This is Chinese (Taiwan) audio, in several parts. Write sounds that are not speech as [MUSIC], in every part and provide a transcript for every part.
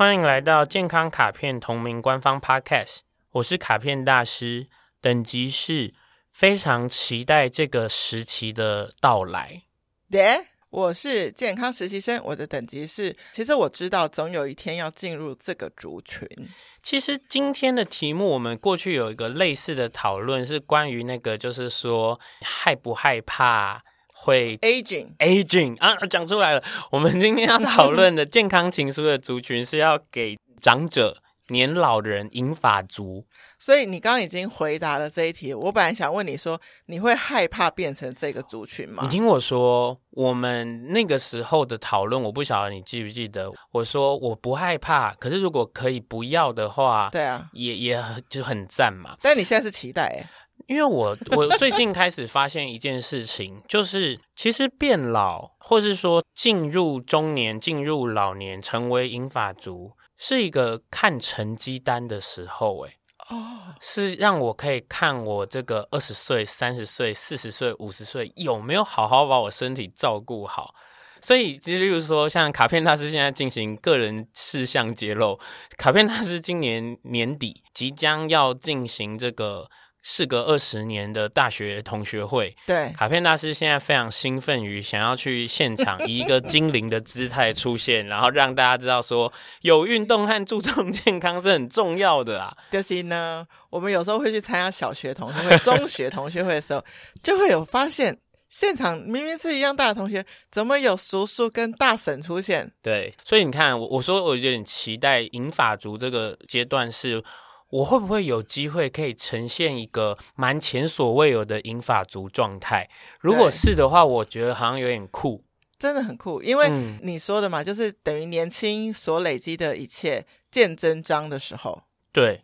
歡迎來到健康卡片同名官方 Podcast，我是卡片大師，等級是非常期待這個時期的到來。對，yeah, 我是健康實習生，我的等級是，其實我知道總有一天要進入這個族群。其實今天的題目，我們過去有一個類似的討論，是關於那個，就是說害不害怕。會 aging aging 啊，講出來了。我們今天要討論的健康情書的族群是要給長者、 [LAUGHS] 年老人銀髮族。所以你剛剛已經回答了這一題。我本來想問你說，你會害怕變成這個族群嗎？你聽我說，我們那個時候的討論，我不曉得你記不記得。我說我不害怕，可是如果可以不要的話，對啊，也也就很讚嘛。但你現在是期待。因為我我最近開始發現一件事情，就是其實變老，或是說進入中年、進入老年、成為銀髮族，是一個看成績單的時候。誒哦，是讓我可以看我這個二十歲、三十歲、四十歲、五十歲有沒有好好把我身體照顧好。所以，其實就是說，像卡片大師現在進行個人事項揭露，卡片大師今年年底即將要進行這個。事隔二十年的大學同學會，對，卡片大師現在非常興奮，於想要去現場以一個精靈的姿態出現， [LAUGHS] 然後讓大家知道說，有運動和注重健康是很重要的啊。就是呢，我們有時候會去參加小學同學會、 [LAUGHS] 中學同學會的時候，就會有發現，現場明明是一樣大的同學，怎麼有叔叔跟大嬸出現？對，所以你看，我，我說我有點期待銀髮族這個階段是。我會不會有機會可以呈現一個蠻前所未有的銀髮族狀態？如果是的話，我覺得好像有點酷，真的很酷，因為你說的嘛，嗯、就是等於年輕所累積的一切見真章的時候。對，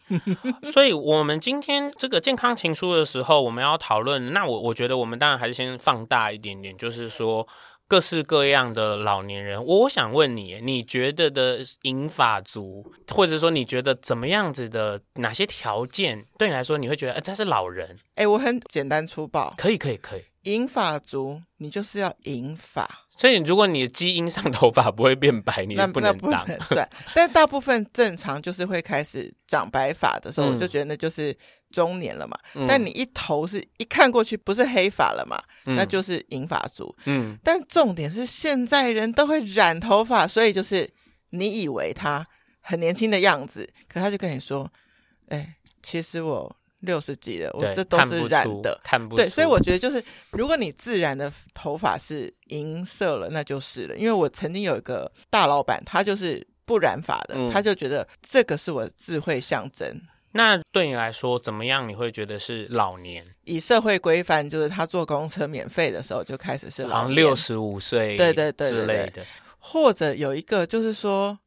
所以我們今天這個健康情書的時候，我們要討論。 [LAUGHS] 那我我覺得我們當然還是先放大一點點，就是說。各式各樣的老年人，我我想問你，你覺得的銀髮族，或者說你覺得怎麼樣子的，哪些條件對你來說，你會覺得，哎、欸，他是老人？哎、欸，我很簡單粗暴。可以，可以，可以。銀髮族，你就是要銀髮，所以如果你的基因上頭髮不會變白，你不能擋。 [LAUGHS] 但大部分正常就是會開始長白髮的時候，嗯、我就覺得那就是中年了嘛。嗯、但你一頭是一看過去不是黑髮了嘛，嗯、那就是銀髮族。嗯，但重點是現在人都會染頭髮，所以就是你以為他很年輕的樣子，可他就跟你說：“哎、欸，其實我。”六十幾的，對我這都是染的，看不看不對，所以我覺得就是，如果你自然的頭髮是銀色了，那就是了。因為我曾經有一個大老闆，他就是不染髮的，嗯、他就覺得這個是我的智慧象徵。那對你來說，怎麼樣你會覺得是老年？以社會規範，就是他坐公車免費的時候就開始是老年，好像六十五歲，對對對之類的，或者有一個就是說，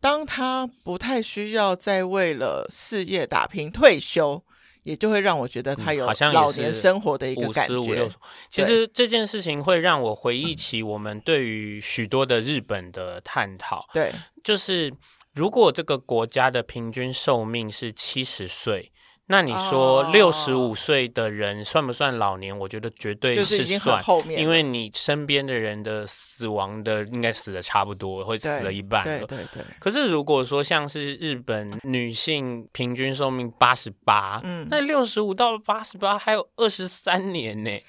當他不太需要再為了事業打拼，退休。也就會讓我覺得他有老年生活的一個感覺，嗯，五十五六十。其實這件事情會讓我回憶起我們對於許多的日本的探討。對、嗯，就是如果這個國家的平均壽命是七十歲。那你說六十五歲的人算不算老年？我覺得絕對是算，因為你身邊的人的死亡的應該死的差不多，會死了一半了。對對對。可是如果說像是日本女性平均壽命八十八，嗯，那六十五到八十八還有二十三年呢、欸，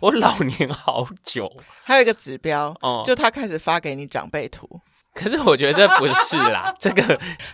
我老年好久。還有一個指標，嗯、就他開始發給你長輩圖。可是我覺得這不是啦， [LAUGHS] 這個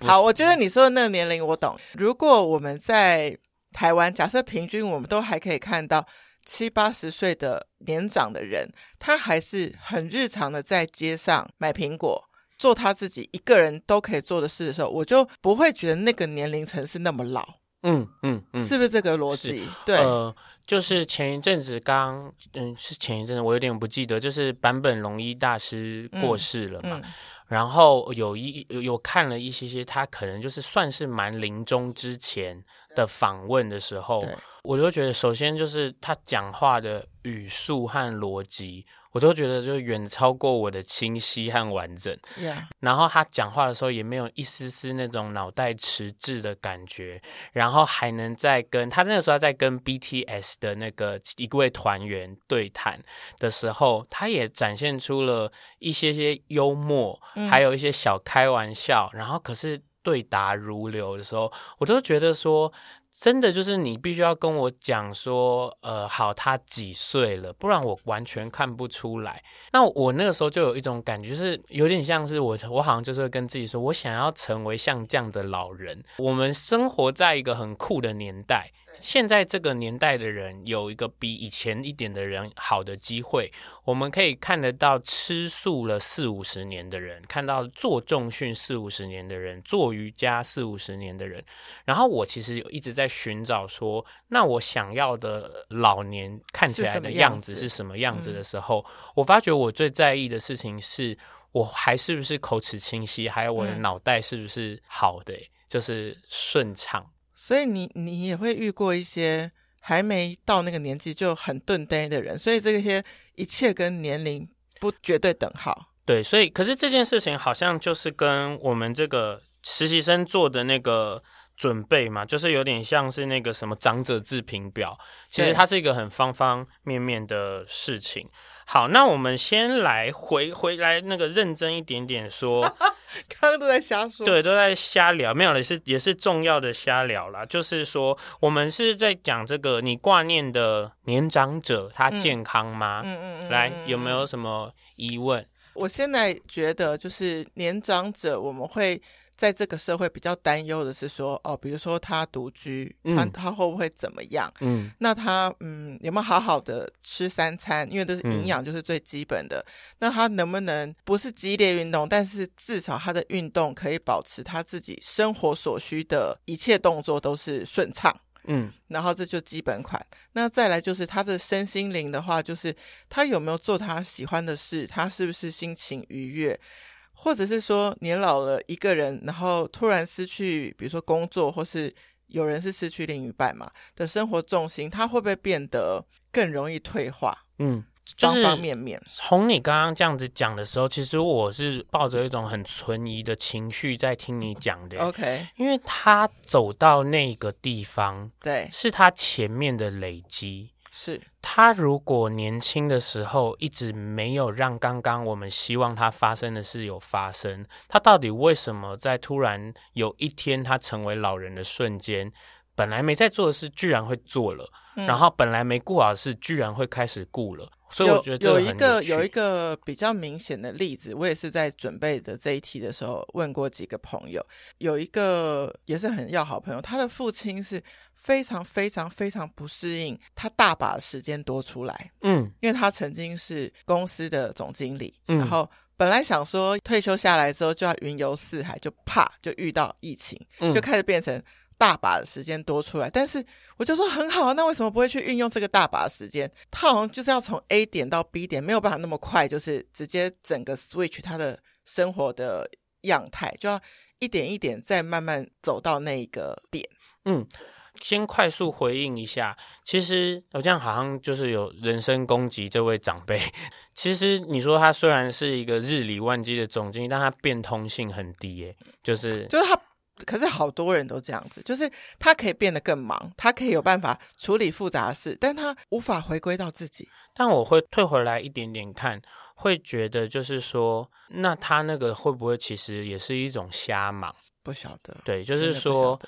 好，我覺得你說的那個年齡我懂。如果我們在台灣，假設平均我們都還可以看到七八十歲的年長的人，他還是很日常的在街上買蘋果，做他自己一個人都可以做的事的時候，我就不會覺得那個年齡層是那麼老。嗯嗯嗯，嗯嗯是不是這個邏輯？對，呃，就是前一陣子剛，嗯，是前一陣子，我有點不記得，就是坂本龍一大師過世了嘛，嗯嗯、然後有一有看了一些些，他可能就是算是蠻臨終之前的訪問的時候。我就覺得，首先就是他講話的語速和邏輯，我都覺得就遠超過我的清晰和完整。Yeah. 然後他講話的時候也沒有一絲絲那種腦袋遲滯的感覺。然後還能在跟他那個時候在跟 BTS 的那個一位團員對談的時候，他也展現出了一些些幽默，還有一些小開玩笑。然後可是對答如流的時候，我都覺得說。真的就是你必須要跟我講說，呃，好，他幾歲了，不然我完全看不出來。那我那個時候就有一種感覺，是有點像是我，我好像就是會跟自己說，我想要成為像這樣的老人。我們生活在一個很酷的年代，現在這個年代的人有一個比以前一點的人好的機會。我們可以看得到吃素了四五十年的人，看到做重訓四五十年的人，做瑜伽四五十年的人。然後我其實有一直在。尋找說，那我想要的老年看起來的樣子是什麼樣子的時候，嗯、我發覺我最在意的事情是我還是不是口齒清晰，還有我的腦袋是不是好的，嗯、就是順暢。所以你你也會遇過一些還沒到那個年紀就很鈍呆的人，所以這些一切跟年齡不絕對等號。對，所以可是這件事情好像就是跟我們這個實習生做的那個，準備嘛，就是有點像是那個什麼長者自評表，其實它是一個很方方面面的事情。對好，那我們先來回回來那個認真一點點說，剛剛 [LAUGHS] 都在瞎說，對，都在瞎聊，沒有了，是也是重要的瞎聊啦。就是說，我們是在講這個你掛念的年長者他健康嗎？嗯嗯，嗯嗯，來，有沒有什麼疑問？我現在覺得就是年長者我們會。在這個社會比較擔憂的是說，哦，比如說他獨居，嗯、他他會不會怎麼樣？嗯，那他嗯有沒有好好的吃三餐？因為這是營養，就是最基本的。嗯、那他能不能不是激烈運動，但是至少他的運動可以保持他自己生活所需的一切動作都是順暢。嗯，然後這就基本款。那再來就是他的身心靈的話，就是他有沒有做他喜歡的事？他是不是心情愉悅？或者是說年老了一個人，然後突然失去，比如說工作，或是有人是失去另一半嘛的生活重心，它會不會變得更容易退化？嗯，就是、方方面面。從你剛剛這樣子講的時候，其實我是抱着一種很存疑的情緒在聽你講的。OK，因為他走到那個地方，對，是他前面的累積。是他如果年輕的時候一直沒有讓剛剛我們希望他發生的事有發生，他到底為什麼在突然有一天他成為老人的瞬間？本來沒在做的事，居然會做了；嗯、然後本來沒顧好的事，居然會開始顧了。所以我覺得這有，有，有一個有一個比較明顯的例子，我也是在準備的這一題的時候問過幾個朋友，有一個也是很要好朋友，他的父親是非常非常非常不適應，他大把時間多出來，嗯，因為他曾經是公司的總經理，嗯、然後本來想說退休下來之後就要雲遊四海，就怕就遇到疫情，就開始變成。大把的時間多出來，但是我就說很好，那為什麼不會去運用這個大把的時間？他好像就是要從 A 點到 B 點，沒有辦法那麼快，就是直接整個 switch 他的生活的樣態，就要一點一點再慢慢走到那一個點。嗯，先快速回應一下，其實我、哦、這樣好像就是有人身攻擊這位長輩。其實你說他雖然是一個日理萬機的總經理，但他變通性很低，耶，就是就是他。可是好多人都這樣子，就是他可以變得更忙，他可以有辦法處理複雜的事，但他無法回歸到自己。但我會退回來一點點看，會覺得就是說，那他那個會不會其實也是一種瞎忙？不曉得。對，就是說。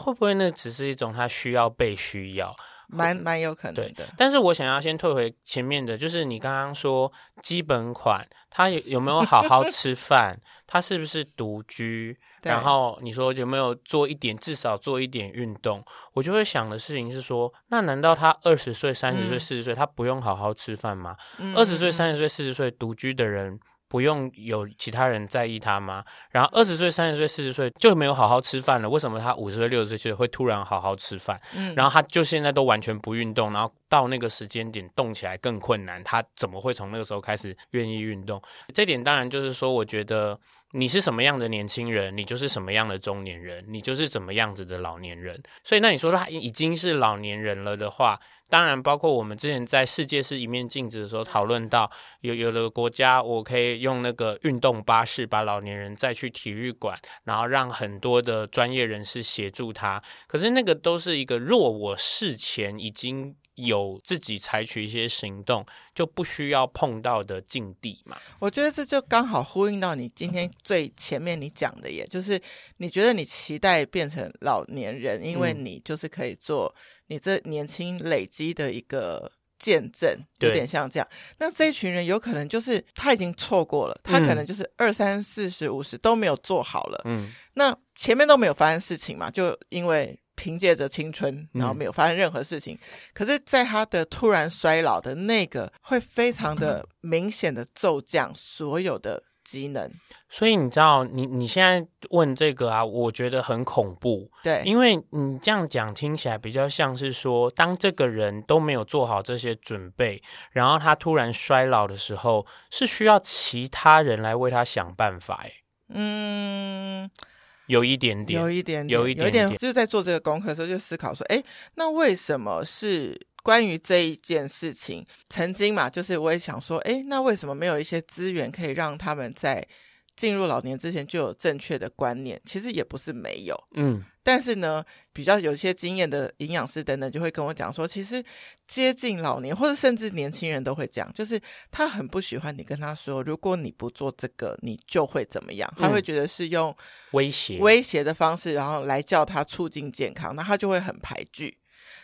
會不會那只是一種他需要被需要，蠻蠻有可能的。對，但是我想要先退回前面的，就是你剛剛說基本款，他有有沒有好好吃飯？他 [LAUGHS] 是不是獨居？對然後你說有沒有做一點，至少做一點運動？我就會想的事情是說，那難道他二十歲、三十歲、四十歲，嗯、他不用好好吃飯嗎？二十歲、三十歲、四十歲獨居的人。不用有其他人在意他嗎？然後二十歲、三十歲、四十歲就沒有好好吃飯了，為什麼他五十歲、六十歲就會突然好好吃飯？嗯，然後他就現在都完全不運動，然後到那個時間點動起來更困難，他怎麼會從那個時候開始願意運動？這點當然就是說，我覺得。你是什麼樣的年輕人，你就是什麼樣的中年人，你就是怎麼樣子的老年人。所以，那你說，說他已經是老年人了的話，當然，包括我們之前在世界是一面鏡子的時候討論到有，有有的國家，我可以用那個運動巴士把老年人載去體育館，然後讓很多的專業人士協助他。可是，那個都是一個若我事前已經。有自己採取一些行動，就不需要碰到的境地嘛。我覺得這就剛好呼應到你今天最前面你講的，耶，就是你覺得你期待變成老年人，因為你就是可以做你這年輕累積的一個見證，嗯、有點像這樣。對那這一群人有可能就是他已經錯過了，他可能就是二三四十五十都沒有做好了，嗯，那前面都沒有發生事情嘛，就因為。憑借着青春，然後沒有發生任何事情，嗯、可是，在他的突然衰老的那個，會非常的明顯的驟降所有的機能。所以你知道，你你現在問這個啊，我覺得很恐怖。對，因為你這樣講聽起來比較像是說，當這個人都沒有做好這些準備，然後他突然衰老的時候，是需要其他人來為他想辦法。哎，嗯。有一點點，有一點點，有一點點，就在做這個功課的時候，就思考說，哎，那為什麼是關於這一件事情？曾經嘛，就是我也想說，哎，那為什麼沒有一些資源可以讓他們在進入老年之前就有正確的觀念，其實也不是沒有，嗯，但是呢，比較有一些經驗的營養師等等，就會跟我講說，其實接近老年或者甚至年輕人都會這樣，就是他很不喜歡你跟他說，如果你不做這個，你就會怎麼樣，嗯、他會覺得是用威脅威脅的方式，然後來叫他促進健康，那他就會很排拒。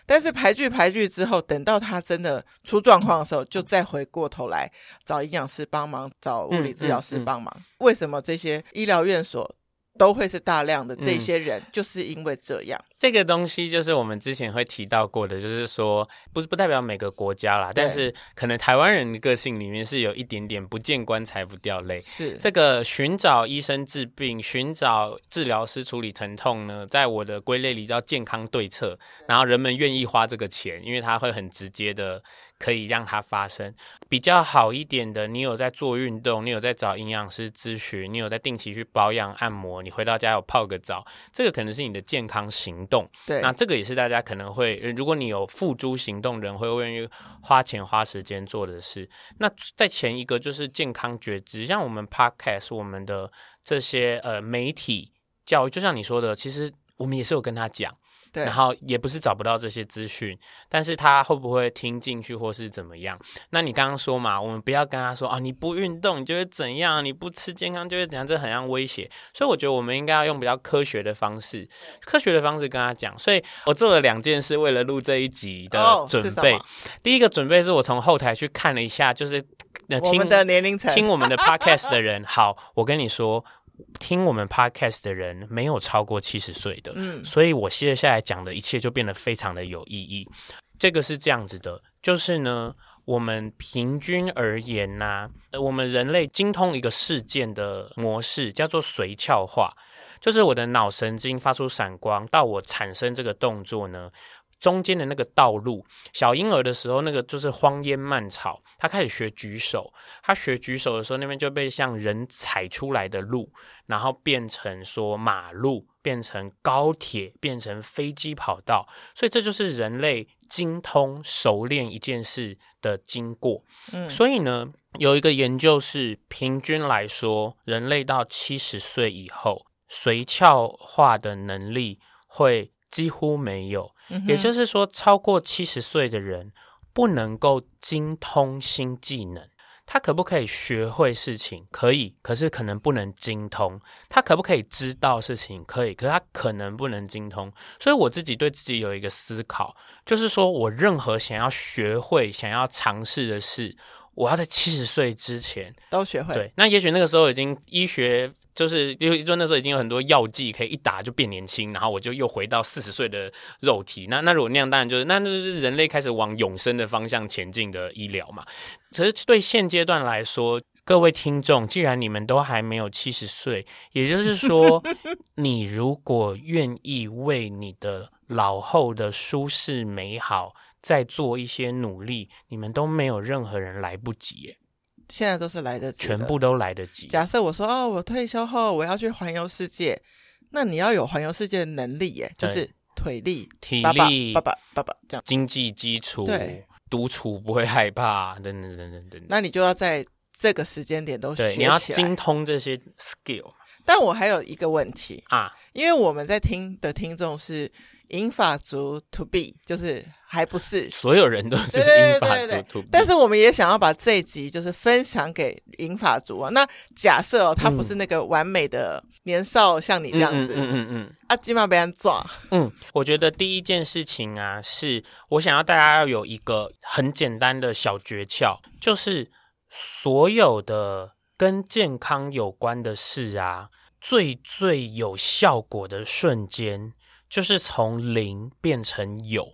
但是排拒，排拒之後，等到他真的出狀況的時候，就再回過頭來找營養師幫忙，找物理治療師幫忙。嗯嗯嗯、為什麼這些醫療院所都會是大量的這些人，嗯、就是因為這樣。這個東西就是我們之前會提到過的，就是說，不是，不代表每個國家啦，對但是可能台灣人的個性裡面是有一點點不見棺材不掉淚。是這個尋找醫生治病，尋找治療師處理疼痛呢，在我的歸類裡叫健康對策。對，然後人們願意花這個錢，因為它會很直接的。可以讓它發生比較好一點的。你有在做運動，你有在找營養師諮詢，你有在定期去保養按摩，你回到家有泡個澡，這個可能是你的健康行動。對，那這個也是大家可能會，如果你有付諸行動的人，人會願意花錢花時間做的事。那在前一個就是健康覺知，像我們 Podcast 我們的這些呃媒體教育，就像你說的，其實我們也是有跟他講。對然後也不是找不到這些資訊，但是他會不會聽進去或是怎麼樣？那你剛剛說嘛，我們不要跟他說啊，你不運動，你就會怎樣？你不吃健康，就會怎樣？這很像威脅，所以我覺得我們應該要用比較科學的方式，科學的方式跟他講。所以我做了兩件事，為了錄這一集的準備。Oh, 是什麼？第一個準備是我從後台去看了一下，就是、呃、聽我們的年齡層聽我們的 podcast 的人。 [LAUGHS] 好，我跟你說。聽我們 podcast 的人沒有超過七十歲的，嗯，所以，我接下來講的一切就變得非常的有意義。這個是這樣子的，就是呢，我們平均而言呢、啊，我們人類精通一個事件的模式，叫做髓鞘化，就是我的腦神經發出閃光，到我產生這個動作呢。中間的那個道路，小嬰兒的時候，那個就是荒煙蔓草。他開始學舉手，他學舉手的時候，那邊就被像人踩出來的路，然後變成說馬路，變成高鐵，變成飛機跑道。所以這就是人類精通、熟練一件事的經過。嗯，所以呢，有一個研究是，平均來說，人類到七十歲以後，髓鞘化的能力會。幾乎沒有，也就是說，超過七十歲的人不能夠精通新技能。他可不可以學會事情？可以，可是可能不能精通。他可不可以知道事情？可以，可是他可能不能精通。所以我自己對自己有一個思考，就是說我任何想要學會、想要嘗試的事。我要在七十歲之前都學會，對，那也許那個時候已經醫學就是因為就那時候已經有很多藥劑可以一打就變年輕，然後我就又回到四十歲的肉體。那那如果那樣，當然就是那就是人類開始往永生的方向前進的醫療嘛。可是對現階段來說，各位聽眾，既然你們都還沒有七十歲，也就是說， [LAUGHS] 你如果願意為你的老後的舒適美好。在做一些努力，你們都沒有任何人來不及耶。現在都是來得及的，全部都來得及。假設我說哦，我退休後我要去環遊世界，那你要有環遊世界的能力耶，對就是腿力、體力、爸爸、爸爸、這樣經濟基礎，獨對處不會害怕等、等等等等等。那你就要在這個時間點都學起來，你要精通這些 skill。但我還有一個問題啊，因為我們在聽的聽眾是。銀髮族 to be 就是還不是所有人都是銀髮族 to be，但是我們也想要把這一集就是分享給銀髮族啊。那假設哦，他不是那個完美的年少，像你這樣子，嗯嗯嗯，嗯嗯嗯嗯嗯啊，基本上被人抓。嗯，我覺得第一件事情啊，是我想要大家要有一個很簡單的小訣竅，就是所有的跟健康有關的事啊，最最有效果的瞬間。就是從零變成有，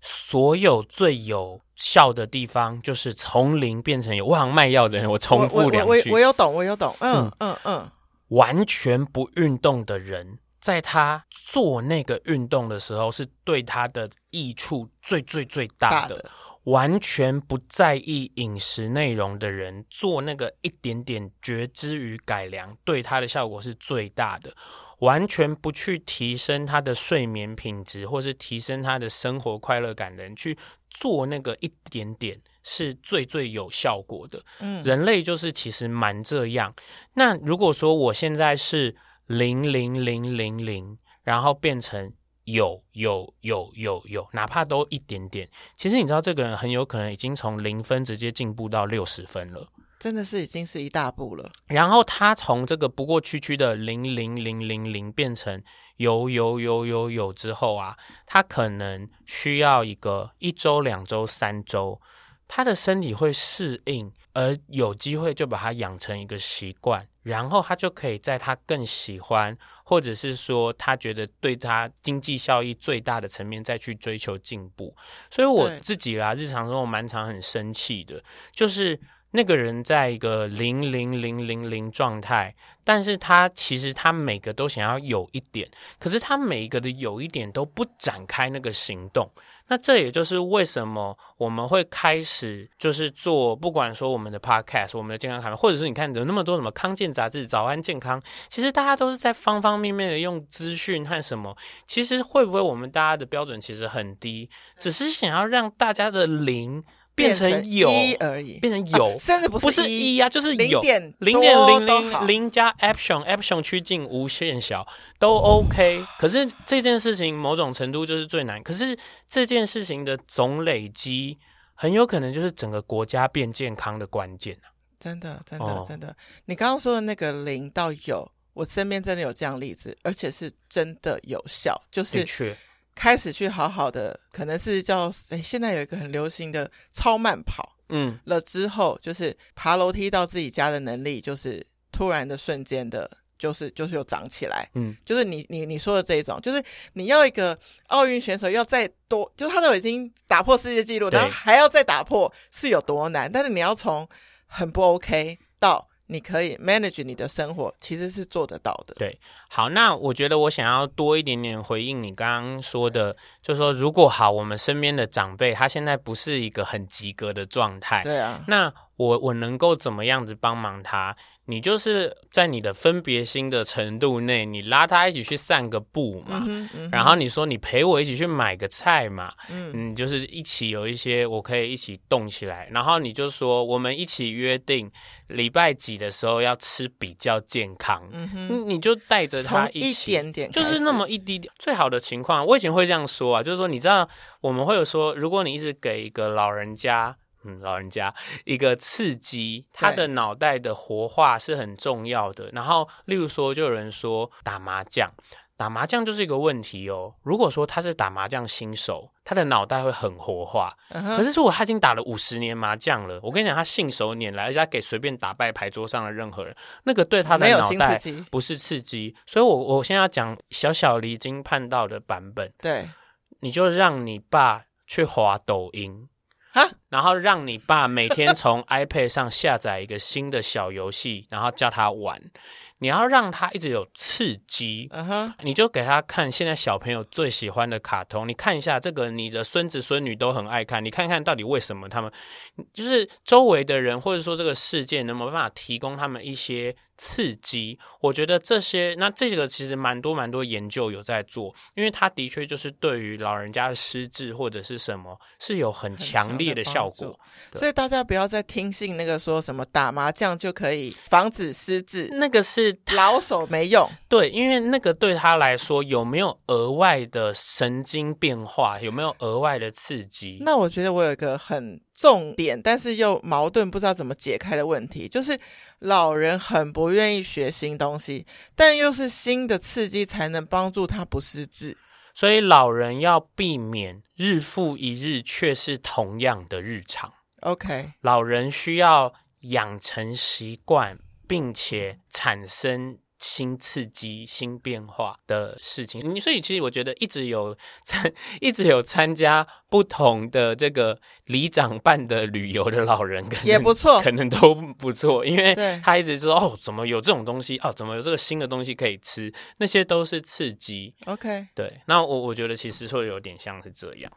所有最有效的地方就是從零變成有。我好像賣藥的人，我重複兩句，我我有懂，我有懂，嗯嗯嗯，完全不運動的人，在他做那個運動的時候，是對他的益處最最最大的。完全不在意飲食內容的人，做那個一點點覺知與改良，對他的效果是最大的。完全不去提升他的睡眠品質，或是提升他的生活快樂感的人去做那個一點點，是最最有效果的。嗯，人類就是其實蠻這樣。那如果說我現在是零零零零零，然後變成。有有有有有，哪怕都一點點，其實你知道這個人很有可能已經從零分直接進步到六十分了，真的是已經是一大步了。然後他從這個不過區區的零零零零零變成有有有有有有之後啊，他可能需要一個一周、兩周、三周，他的身體會適應，而有機會就把它養成一個習慣。然後他就可以在他更喜歡，或者是說他覺得對他經濟效益最大的層面再去追求進步。所以我自己啦，對日常中我蠻常很生氣的，就是。那個人在一個零零零零零狀態，但是他其實他每個都想要有一點，可是他每一個的有一點都不展開那個行動。那這也就是為什麼我們會開始就是做，不管說我們的 podcast，我們的健康卡，或者是你看有那麼多什麼康健雜誌、早安健康，其實大家都是在方方面面的用資訊和什麼。其實會不會我們大家的標準其實很低，只是想要讓大家的零。變成有一而已，變成有，甚至不是，不是一啊，就是有。零點零零零,零加 epsilon epsilon 趨近無限小都 OK、嗯。可是這件事情某種程度就是最難，可是這件事情的總累積很有可能就是整個國家變健康的關鍵、啊、真的，真的，哦、真的。你剛剛說的那個零到有，我身邊真的有這樣例子，而且是真的有效，就是。開始去好好的，可能是叫哎、欸，現在有一個很流行的超慢跑，嗯，了之後、嗯、就是爬樓梯到自己家的能力，就是突然的瞬間的，就是就是又長起來，嗯，就是你你你說的這一種，就是你要一個奧運選手要再多，就他都已經打破世界紀錄，然後還要再打破是有多難，對但是你要從很不 OK 到你可以 manage 你的生活，其實是做得到的。對，好，那我覺得我想要多一點點回應你剛剛說的，對就是說，如果好，我們身邊的長輩他現在不是一個很及格的狀態，對啊，那。我我能夠怎麼樣子幫忙他？你就是在你的分別心的程度內，你拉他一起去散個步嘛，嗯嗯、然後你說你陪我一起去買個菜嘛，嗯，你就是一起有一些我可以一起動起來，然後你就說我們一起約定禮拜幾的時候要吃比較健康，嗯哼，你，你就帶着他一起，一點點，就是那麼一滴滴。最好的情況，我以前會這樣說啊，就是說你知道，我們會有說，如果你一直給一個老人家。嗯，老人家一個刺激他的腦袋的活化是很重要的。對然後，例如說，就有人說打麻將，打麻將就是一個問題哦。如果說他是打麻將新手，他的腦袋會很活化。Uh huh. 可是，如果他已經打了五十年麻將了，我跟你講，他信手拈來，而且他給隨便打敗牌桌上的任何人。那個對他的腦袋不是刺激。刺激，所以我，我我現在要講小小離經叛道的版本，對，你就讓你爸去划抖音然後讓你爸每天從 iPad 上下載一個新的小遊戲， [LAUGHS] 然後叫他玩。你要讓他一直有刺激，嗯哼、uh-huh. 你就給他看現在小朋友最喜歡的卡通，你看一下這個，你的孫子孫女都很愛看，你看看到底為什麼他們，就是周圍的人或者說這個世界能不能辦法提供他們一些刺激？我覺得這些，那這個其實蠻多蠻多研究有在做，因為他的確就是對於老人家的失智或者是什麼是有很強烈的效果。所以大家不要再聽信那個說什麼打麻將就可以防止失智，那個是老手沒用。對，因為那個對他來說有沒有額外的神經變化，有沒有額外的刺激？那我覺得我有一個很重點，但是又矛盾，不知道怎麼解開的問題，就是老人很不願意學新東西，但又是新的刺激才能幫助他不失智。所以老人要避免日復一日卻是同樣的日常。OK，老人需要養成習慣，並且產生。新刺激、新變化的事情，你所以其實我覺得一直有參，一直有參加不同的這個里長辦的旅遊的老人可能，也不錯，可能都不錯，因為他一直說對哦，怎麼有這種東西哦，怎麼有這個新的東西可以吃，那些都是刺激。OK，對，那我我覺得其實會有點像是這樣。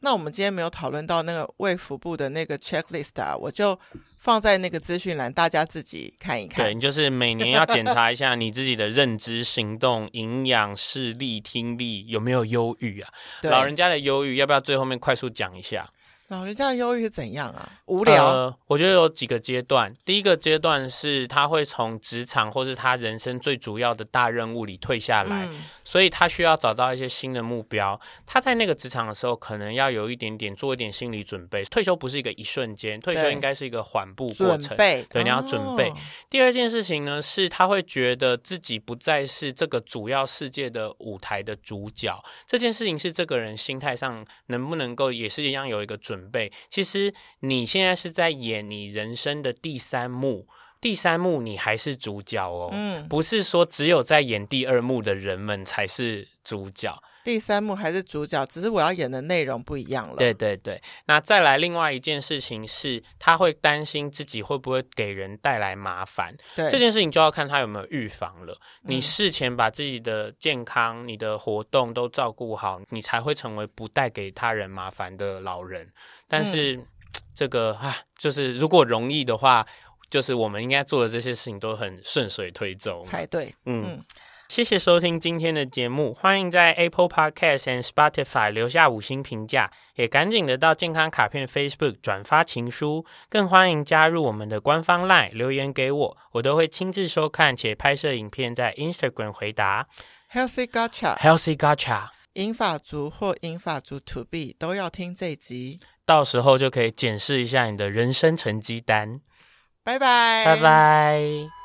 那我們今天沒有討論到那個衛福部的那個 checklist 啊，我就放在那個資訊欄，大家自己看一看。對你，就是每年要檢查一下 [LAUGHS] 你自己的認知、行動、營養、視力、聽力有沒有憂鬱啊？對老人家的憂鬱要不要最後面快速講一下？老人家憂鬱怎樣啊？無聊。呃、我覺得有幾個階段。第一個階段是他會從職場或是他人生最主要的大任務裡退下來，嗯、所以他需要找到一些新的目標。他在那個職場的時候，可能要有一點點做一點心理準備。退休不是一個一瞬間，退休應該是一個緩步過程，對，準備。對，你要準備。哦、第二件事情呢，是他會覺得自己不再是這個主要世界的舞台的主角。這件事情是這個人心態上能不能夠也是一樣有一個準備。備，其實你現在是在演你人生的第三幕，第三幕你還是主角哦，嗯，不是說只有在演第二幕的人們才是主角。第三幕還是主角，只是我要演的內容不一樣了。對對對，那再來另外一件事情是，他會擔心自己會不會給人帶來麻煩。對。這件事情就要看他有沒有預防了。嗯、你事前把自己的健康、你的活動都照顧好，你才會成為不帶給他人麻煩的老人。但是、嗯、這個啊，就是如果容易的話，就是我們應該做的這些事情都很順水推舟才對。嗯。嗯。謝謝收聽今天的節目，歡迎在 Apple Podcast 和 Spotify 留下五星評價，也趕緊的到健康卡片 Facebook 轉發情書，更歡迎加入我們的官方 LINE 留言給我，我都會親自收看且拍攝影片在 Instagram 回答。Healthy Gacha，Healthy Gacha，銀髮族或銀髮族 To be 都要聽這集，到時候就可以檢視一下你的人生成績單。拜拜，拜拜。